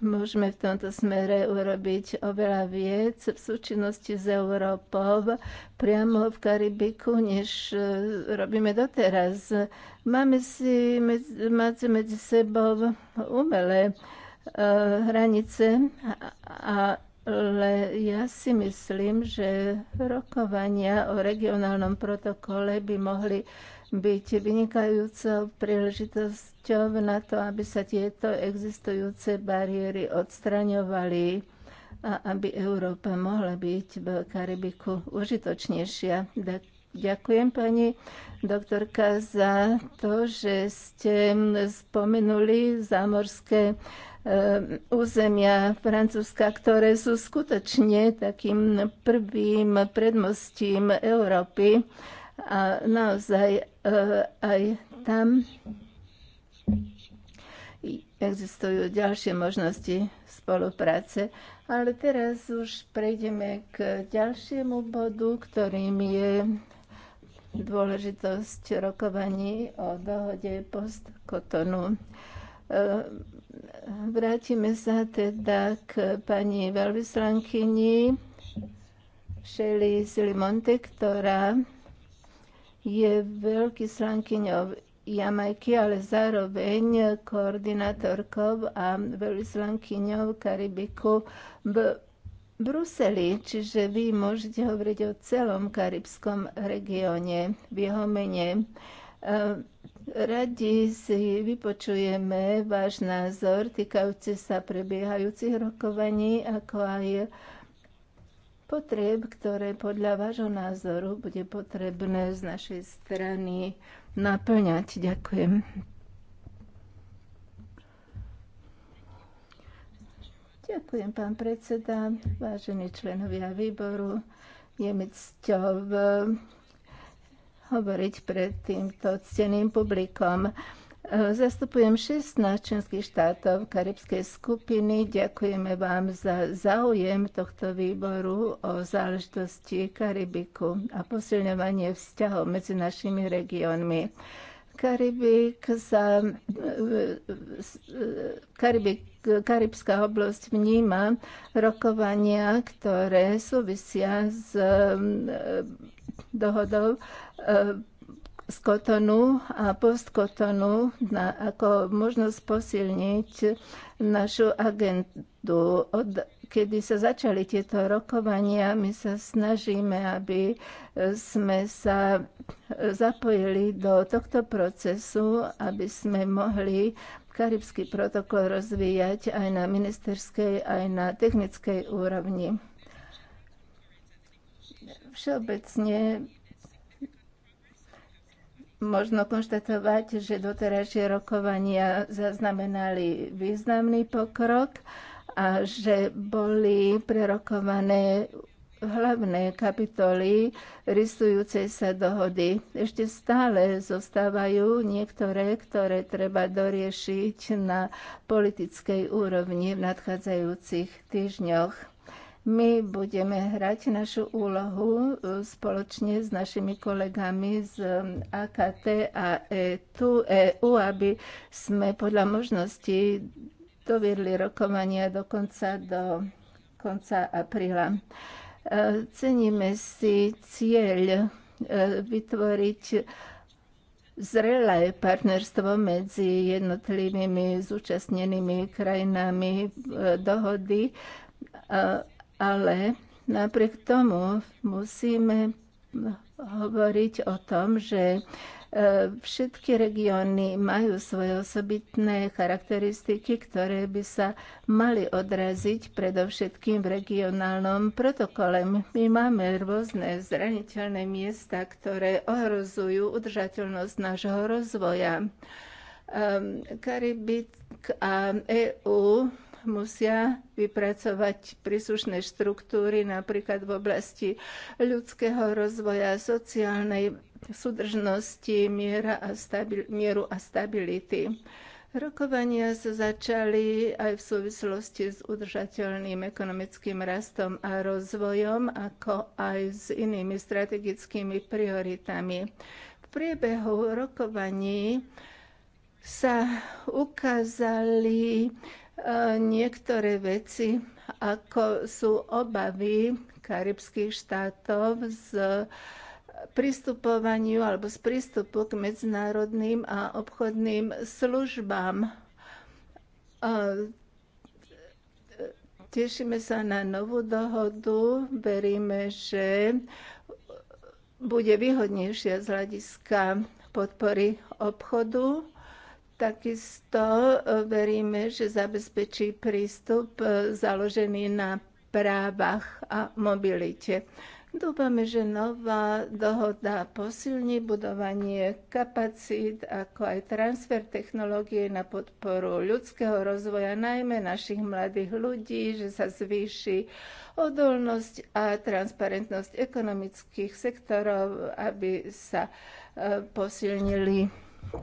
B: môžeme v tomto smere urobiť oveľa viec v súčinnosti s Európou priamo v Karibiku, než e, robíme doteraz. Máme si medzi, medzi sebou umelé e, hranice a ale ja si myslím, že rokovania o regionálnom protokole by mohli byť vynikajúcou príležitosťou na to, aby sa tieto existujúce bariéry odstraňovali a aby Európa mohla byť v Karibiku užitočnejšia. Ďakujem pani doktorka za to, že ste spomenuli zámorské Ehm, územia Francúzska, ktoré sú skutočne takým prvým predmostím Európy. A naozaj eh, aj tam existujú ďalšie možnosti spolupráce. Ale teraz už prejdeme k ďalšiemu bodu, ktorým je dôležitosť rokovaní o dohode post-Kotonu ehm, Vrátime sa teda k pani veľvyslankyni Shelly Silimonte, ktorá je veľkyslankyňou Jamajky, ale zároveň koordinátorkou a veľvyslankyňou Karibiku v Bruseli, čiže vy môžete hovoriť o celom karibskom regióne v jeho mene. Radi si vypočujeme váš názor týkajúci sa prebiehajúcich rokovaní, ako aj potreb, ktoré podľa vášho názoru bude potrebné z našej strany naplňať. Ďakujem. Ďakujem, pán predseda, vážení členovia výboru. Je mi cťou hovoriť pred týmto cteným publikom. E, zastupujem 16 členských štátov Karibskej skupiny. Ďakujeme vám za záujem tohto výboru o záležitosti Karibiku a posilňovanie vzťahov medzi našimi regiónmi. Karibik sa, e, Karibik, Karibská oblasť vníma rokovania, ktoré súvisia s e, dohodou E, z kotonu a postkotonu na, ako možnosť posilniť našu agendu. Od kedy sa začali tieto rokovania, my sa snažíme, aby sme sa zapojili do tohto procesu, aby sme mohli karibský protokol rozvíjať aj na ministerskej, aj na technickej úrovni. Všeobecne Možno konštatovať, že doterajšie rokovania zaznamenali významný pokrok a že boli prerokované hlavné kapitoly rysujúcej sa dohody. Ešte stále zostávajú niektoré, ktoré treba doriešiť na politickej úrovni v nadchádzajúcich týždňoch. My budeme hrať našu úlohu e, spoločne s našimi kolegami z AKT e, a EU, e aby sme podľa možností doviedli rokovania dokonca do konca apríla. Ceníme si cieľ vytvoriť zrelé partnerstvo medzi jednotlivými zúčastnenými krajinami dohody ale napriek tomu musíme hovoriť o tom, že e, všetky regióny majú svoje osobitné charakteristiky, ktoré by sa mali odraziť predovšetkým v regionálnom protokole. My máme rôzne zraniteľné miesta, ktoré ohrozujú udržateľnosť nášho rozvoja. Ehm, Karibik a EU musia vypracovať príslušné štruktúry, napríklad v oblasti ľudského rozvoja, sociálnej súdržnosti, miera a stabil- mieru a stability. Rokovania sa začali aj v súvislosti s udržateľným ekonomickým rastom a rozvojom, ako aj s inými strategickými prioritami. V priebehu rokovaní sa ukázali E, niektoré veci, ako sú obavy karibských štátov z pristupovaniu alebo z prístupu k medzinárodným a obchodným službám. E, tešíme sa na novú dohodu. Veríme, že bude výhodnejšia z hľadiska podpory obchodu Takisto e, veríme, že zabezpečí prístup e, založený na právach a mobilite. Dúfame, že nová dohoda posilní budovanie kapacít, ako aj transfer technológie na podporu ľudského rozvoja, najmä našich mladých ľudí, že sa zvýši odolnosť a transparentnosť ekonomických sektorov, aby sa e, posilnili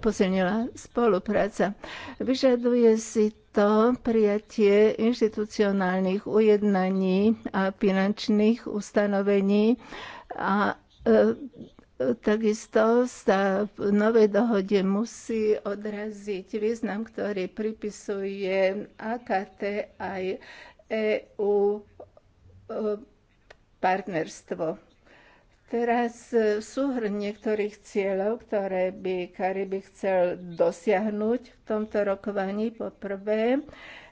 B: posilnila spolupráca. Vyžaduje si to prijatie inštitucionálnych ujednaní a finančných ustanovení a e, Takisto sa v novej dohode musí odraziť význam, ktorý pripisuje AKT aj EU e, partnerstvo Teraz e, súhrn niektorých cieľov, ktoré by Kariby chcel dosiahnuť v tomto rokovaní. Poprvé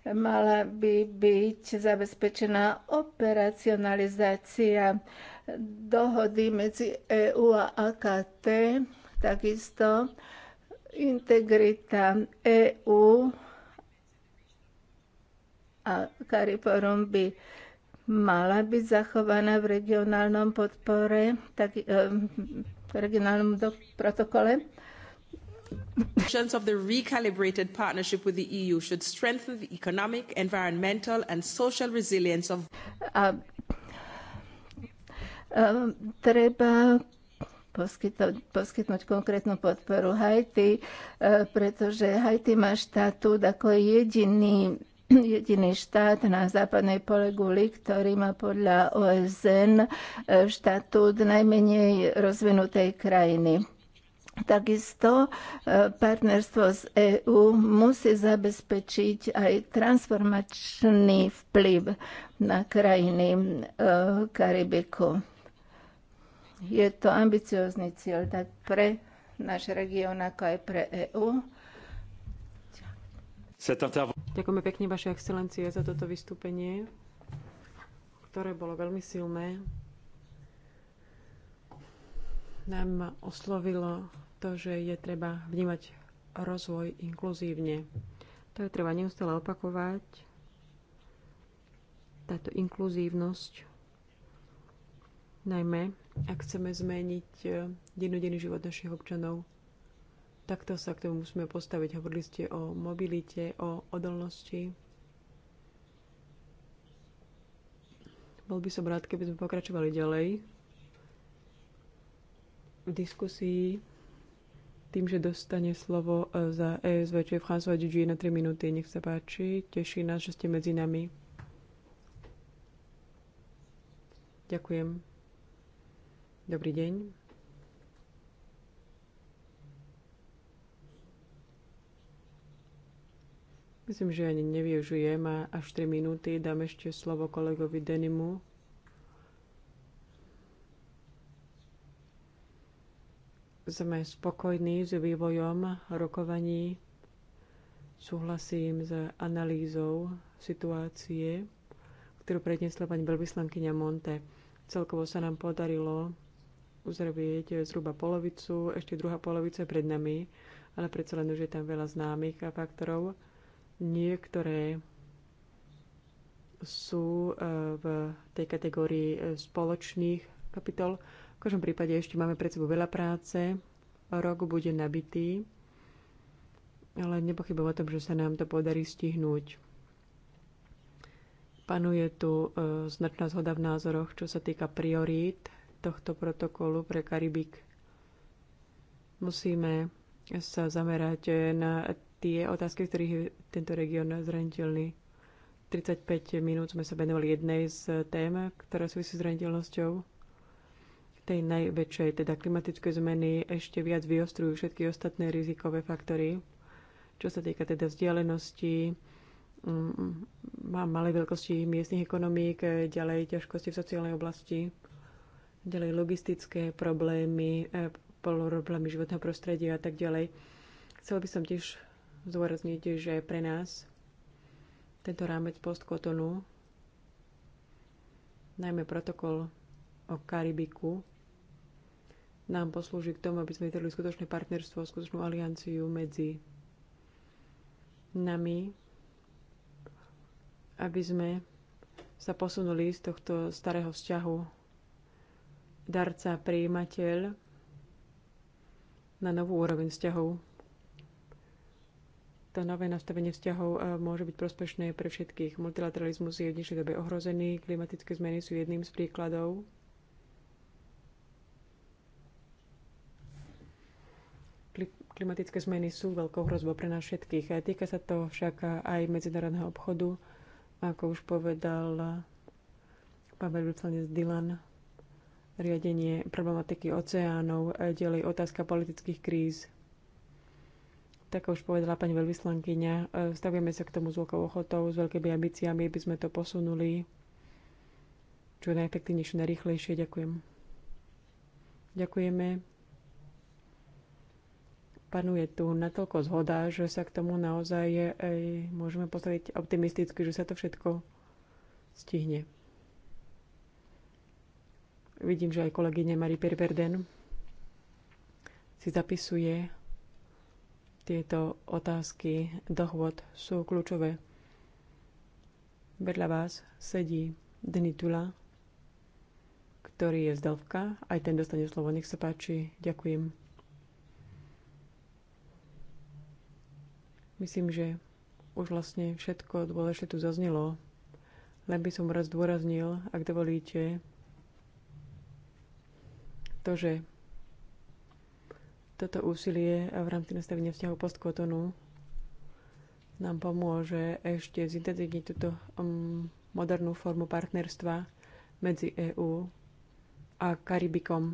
B: mala by byť zabezpečená operacionalizácia dohody medzi EU a AKT, takisto integrita EU a Kariforum by mala byť zachovaná v regionálnom podpore, tak, e, v regionálnom do, protokole.
A: of the recalibrated partnership with the EU should strengthen the economic, environmental and social
B: resilience of... A, a, e, treba poskytnúť, poskytnúť konkrétnu podporu Haiti, e, pretože Haiti má štatút ako jediný <clears throat> jediný štát na západnej poleguli, ktorý má podľa OSN e, štatút najmenej rozvinutej krajiny. Takisto e, partnerstvo z EÚ musí zabezpečiť aj transformačný vplyv na krajiny e, Karibiku. Je to ambiciózny cieľ tak pre náš región, ako aj pre EÚ.
A: Cette Ďakujeme pekne, Vaše excelencie, za toto vystúpenie, ktoré bolo veľmi silné. Nám oslovilo to, že je treba vnímať rozvoj inkluzívne. To je treba neustále opakovať. Táto inkluzívnosť, najmä ak chceme zmeniť eh, dennodenný život našich občanov. Takto sa k tomu musíme postaviť. Hovorili ste o mobilite, o odolnosti. Bol by som rád, keby sme pokračovali ďalej v diskusii tým, že dostane slovo e, za ESV, čo je François DG na 3 minúty. Nech sa páči, teší nás, že ste medzi nami. Ďakujem. Dobrý deň. Myslím, že ani nevyužijem a až 3 minúty. Dám ešte slovo kolegovi Denimu. Sme spokojní s vývojom rokovaní. Súhlasím s analýzou situácie, ktorú predniesla pani veľvyslankyňa Monte. Celkovo sa nám podarilo uzrevieť zhruba polovicu, ešte druhá polovica pred nami, ale predsa len už je tam veľa známych faktorov Niektoré sú e, v tej kategórii e, spoločných kapitol. V každom prípade ešte máme pred sebou veľa práce. Rok bude nabitý, ale nepochybujem o tom, že sa nám to podarí stihnúť. Panuje tu e, značná zhoda v názoroch, čo sa týka priorít tohto protokolu pre Karibik. Musíme sa zamerať na tie otázky, z ktorých je tento región zraniteľný. 35 minút sme sa venovali jednej z tém, ktorá súvisí s zraniteľnosťou. Tej najväčšej, teda klimatické zmeny, ešte viac vyostrujú všetky ostatné rizikové faktory, čo sa týka teda vzdialenosti, mm, má malé veľkosti miestnych ekonomík, ďalej ťažkosti v sociálnej oblasti, ďalej logistické problémy, eh, problémy životného prostredia a tak ďalej. Chcel by som tiež zdôrazniť, že pre nás tento rámec postkotonu, najmä protokol o Karibiku, nám poslúži k tomu, aby sme vytvorili skutočné partnerstvo, skutočnú alianciu medzi nami, aby sme sa posunuli z tohto starého vzťahu darca-prijímateľ na novú úroveň vzťahov to nové nastavenie vzťahov e, môže byť prospešné pre všetkých. Multilateralizmus je v dnešnej dobe ohrozený, klimatické zmeny sú jedným z príkladov. Klimatické zmeny sú veľkou hrozbou pre nás všetkých. Týka sa to však aj medzinárodného obchodu, ako už povedal Pavel Vyslanec Dylan riadenie problematiky oceánov, e, ďalej otázka politických kríz, tak už povedala pani veľvyslankyňa, e, stavíme sa k tomu s veľkou ochotou, s veľkými ambíciami, by sme to posunuli čo najefektívnejšie, najrychlejšie. Ďakujem. Ďakujeme. Panuje tu natoľko zhoda, že sa k tomu naozaj je, aj, môžeme postaviť optimisticky, že sa to všetko stihne. Vidím, že aj kolegyne Marie Perverden si zapisuje tieto otázky dohôd sú kľúčové. Vedľa vás sedí Dnitula, ktorý je z Delvka. Aj ten dostane slovo. Nech sa páči. Ďakujem. Myslím, že už vlastne všetko dôležité tu zaznelo. Len by som raz dôraznil, ak dovolíte, to, že toto úsilie v rámci nastavenia vzťahu postkotonu nám pomôže ešte zintenzívniť túto um, modernú formu partnerstva medzi EÚ a Karibikom.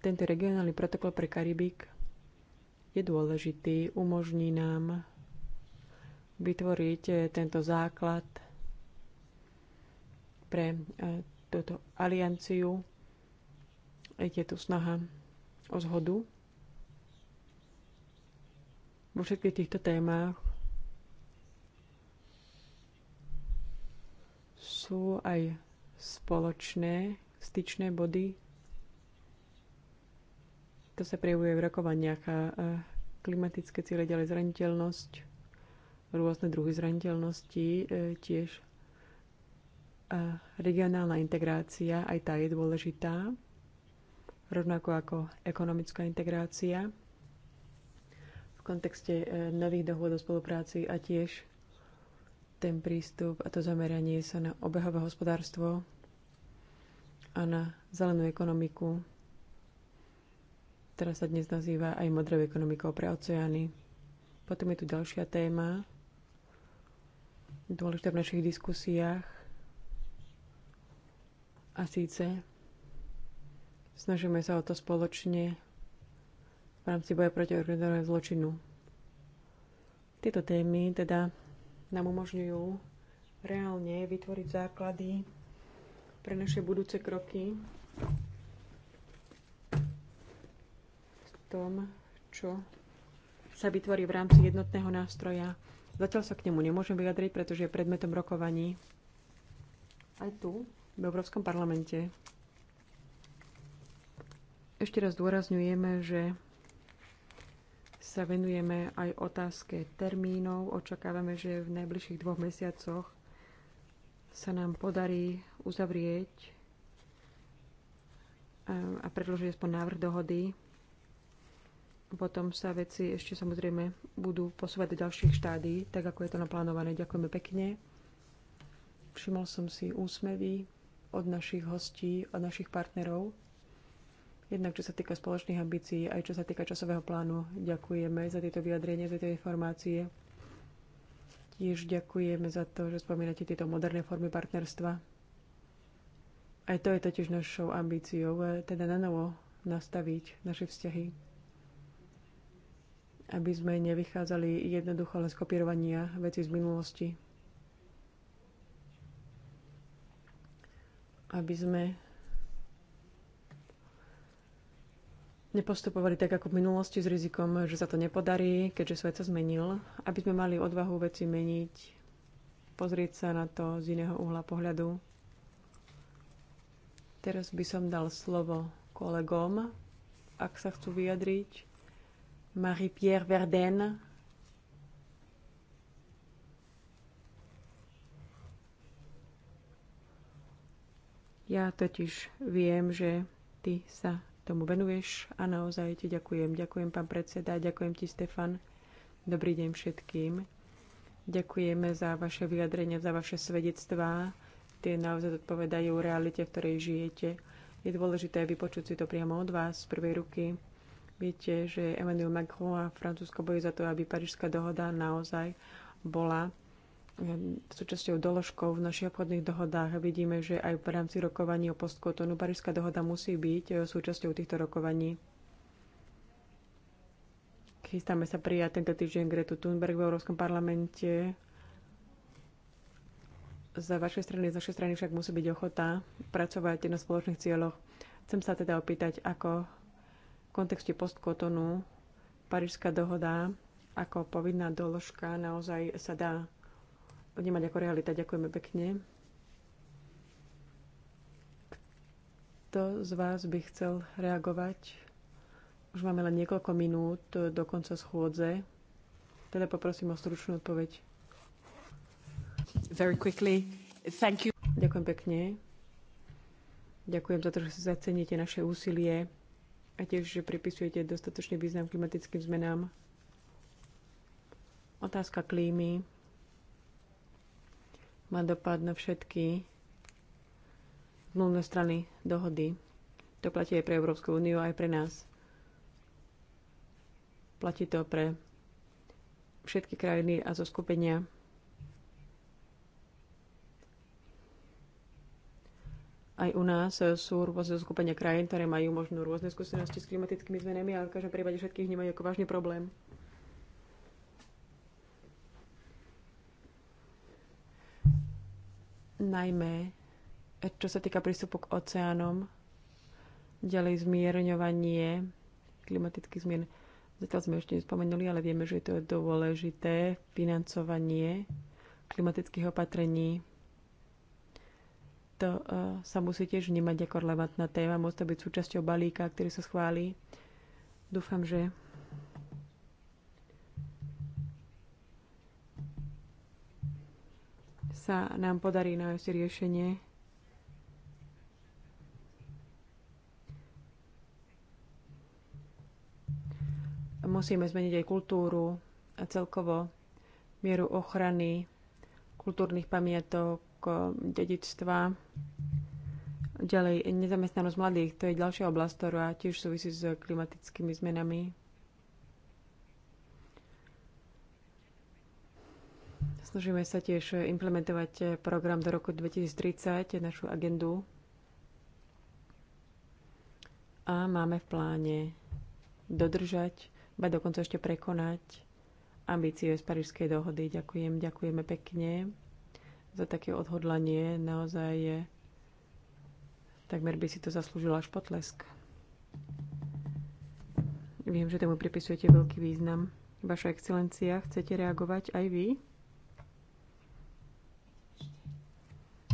A: Tento regionálny protokol pre Karibik je dôležitý, umožní nám vytvoriť eh, tento základ pre eh, túto alianciu je tu snaha o zhodu vo všetkých týchto témach sú aj spoločné styčné body. To sa prejavuje v rokovaniach a klimatické cíle ďalej zraniteľnosť, rôzne druhy zraniteľnosti e, tiež. A regionálna integrácia, aj tá je dôležitá rovnako ako ekonomická integrácia v kontexte e, nových dohôd o spolupráci a tiež ten prístup a to zameranie sa na obehové hospodárstvo a na zelenú ekonomiku, ktorá sa dnes nazýva aj modrou ekonomikou pre oceány. Potom je tu ďalšia téma, dôležitá v našich diskusiách, a síce Snažíme sa o to spoločne v rámci boja proti organizovanému zločinu. Tieto témy teda nám umožňujú reálne vytvoriť základy pre naše budúce kroky v tom, čo sa vytvorí v rámci jednotného nástroja. Zatiaľ sa k nemu nemôžem vyjadriť, pretože je predmetom rokovaní aj tu, v Európskom parlamente. Ešte raz dôrazňujeme, že sa venujeme aj otázke termínov. Očakávame, že v najbližších dvoch mesiacoch sa nám podarí uzavrieť a predložiť aspoň návrh dohody. Potom sa veci ešte samozrejme budú posúvať do ďalších štádí, tak ako je to naplánované. Ďakujeme pekne. Všimol som si úsmevy od našich hostí, od našich partnerov. Jednak čo sa týka spoločných ambícií, aj čo sa týka časového plánu, ďakujeme za tieto vyjadrenie, za tieto informácie. Tiež ďakujeme za to, že spomínate tieto moderné formy partnerstva. Aj to je totiž našou ambíciou, e, teda na novo nastaviť naše vzťahy. Aby sme nevychádzali jednoducho len z kopírovania veci z minulosti. Aby sme nepostupovali tak ako v minulosti s rizikom, že sa to nepodarí, keďže svet sa zmenil, aby sme mali odvahu veci meniť, pozrieť sa na to z iného uhla pohľadu. Teraz by som dal slovo kolegom, ak sa chcú vyjadriť. Marie-Pierre Verden. Ja totiž viem, že ty sa tomu venuješ a naozaj ti ďakujem. Ďakujem, pán predseda, ďakujem ti, Stefan. Dobrý deň všetkým. Ďakujeme za vaše vyjadrenia, za vaše svedectvá. Tie naozaj odpovedajú realite, v ktorej žijete. Je dôležité vypočuť si to priamo od vás z prvej ruky. Viete, že Emmanuel Macron a Francúzsko bojujú za to, aby Parížská dohoda naozaj bola Ehm, súčasťou doložkou v našich obchodných dohodách. Vidíme, že aj v rámci rokovaní o postkotonu Parížská dohoda musí byť e, súčasťou týchto rokovaní. Chystáme sa prijať tento týždeň Gretu Thunberg v Európskom parlamente. Za vašej strany, z našej strany však musí byť ochota pracovať na spoločných cieľoch. Chcem sa teda opýtať, ako v kontexte postkotonu Parížská dohoda ako povinná doložka naozaj sa dá vnímať ako realita. Ďakujeme pekne. Kto z vás by chcel reagovať? Už máme len niekoľko minút do konca schôdze. Teda poprosím o stručnú odpoveď. Very quickly. Thank you. Ďakujem pekne. Ďakujem za to, že si zaceníte naše úsilie a tiež, že pripisujete dostatočný význam klimatickým zmenám. Otázka klímy má dopad na všetky zmluvné strany dohody. To platí aj pre Európsku úniu, aj pre nás. Platí to pre všetky krajiny a zo skupenia. Aj u nás sú rôzne skupenia krajín, ktoré majú možno rôzne skúsenosti s klimatickými zmenami, ale v každom prípade všetkých vnímajú ako vážny problém. najmä čo sa týka prístupu k oceánom, ďalej zmierňovanie klimatických zmien. Zatiaľ sme ešte nespomenuli, ale vieme, že to je to dôležité financovanie klimatických opatrení. To uh, sa musí tiež vnímať ako relevantná téma, môže to byť súčasťou balíka, ktorý sa schváli. Dúfam, že sa nám podarí nájsť riešenie. Musíme zmeniť aj kultúru a celkovo mieru ochrany kultúrnych pamiatok, dedictva. Ďalej, nezamestnanosť mladých, to je ďalšia oblasť, ktorá tiež súvisí s klimatickými zmenami. Snažíme sa tiež implementovať program do roku 2030, našu agendu. A máme v pláne dodržať, ba dokonca ešte prekonať ambície z Parížskej dohody. Ďakujem, ďakujeme pekne za také odhodlanie. Naozaj je, takmer by si to zaslúžila až potlesk. Viem, že tomu pripisujete veľký význam. Vaša excelencia, chcete reagovať aj vy?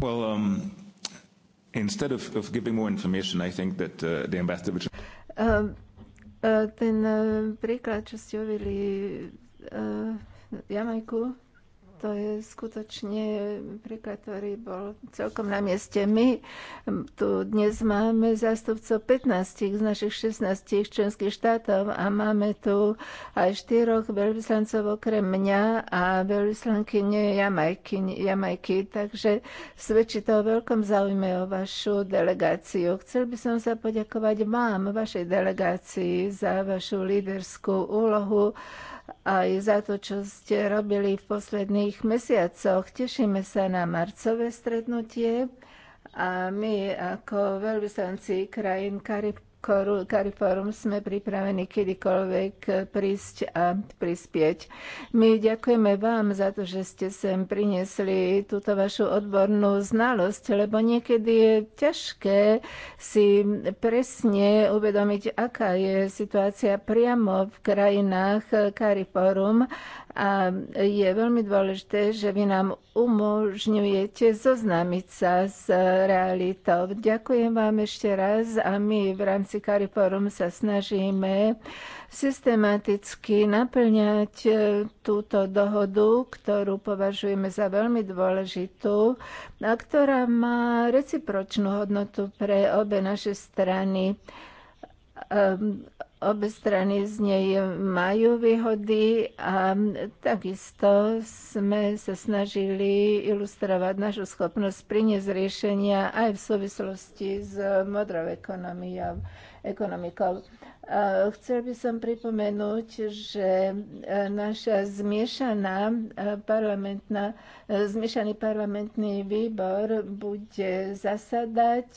B: Well, um, instead of, of giving more information, I think that uh, the ambassador... Which... Uh, um, uh, ten uh, príklad, čo ste uvedli uh, Jamajku, to je skutočne príklad, ktorý bol celkom na mieste. My tu dnes máme zástupcov 15 z našich 16 členských štátov a máme tu aj štyroch veľvyslancov okrem mňa a nie Jamajky, Jamajky. Takže svedčí to o veľkom záujme o vašu delegáciu. Chcel by som sa poďakovať vám, vašej delegácii, za vašu líderskú úlohu aj za to, čo ste robili v posledných mesiacoch. Tešíme sa na marcové stretnutie a my ako veľvyslanci krajín Karib Cariforum sme pripravení kedykoľvek prísť a prispieť. My ďakujeme vám za to, že ste sem priniesli túto vašu odbornú znalosť, lebo niekedy je ťažké si presne uvedomiť, aká je situácia priamo v krajinách Cariforum a je veľmi dôležité, že vy nám umožňujete zoznámiť sa s realitou. Ďakujem vám ešte raz a my v rámci rámci Kariforum sa snažíme systematicky naplňať e, túto dohodu, ktorú považujeme za veľmi dôležitú a ktorá má recipročnú hodnotu pre obe naše strany ehm, Obe strany z nej majú výhody a takisto sme sa snažili ilustrovať našu schopnosť priniesť riešenia aj v súvislosti s modrou ekonomiou. ekonomikou. Chcel by som pripomenúť, že e, naša zmiešaná e, parlamentná, e, zmiešaný parlamentný výbor bude zasadať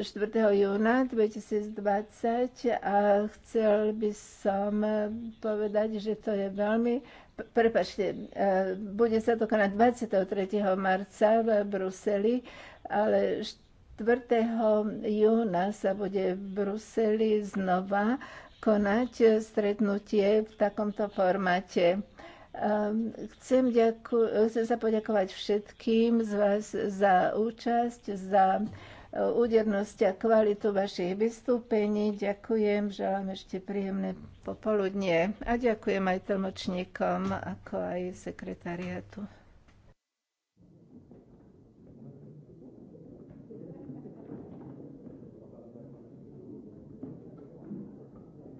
B: 4. júna 2020 a chcel by som povedať, že to je veľmi prepačte, e, bude sa to konať 23. marca v Bruseli, ale 4. júna sa bude v Bruseli znova konať stretnutie v takomto formáte. E, chcem, ďaku- chcem sa poďakovať všetkým z vás za účasť, za údernosť a kvalitu vašich vystúpení. Ďakujem, želám ešte príjemné popoludnie a ďakujem aj tlmočníkom, ako aj sekretariatu.